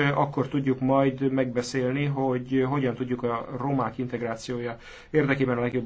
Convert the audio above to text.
akkor tudjuk majd megbeszélni, hogy hogyan tudjuk a romák integrációja érdekében a legjobb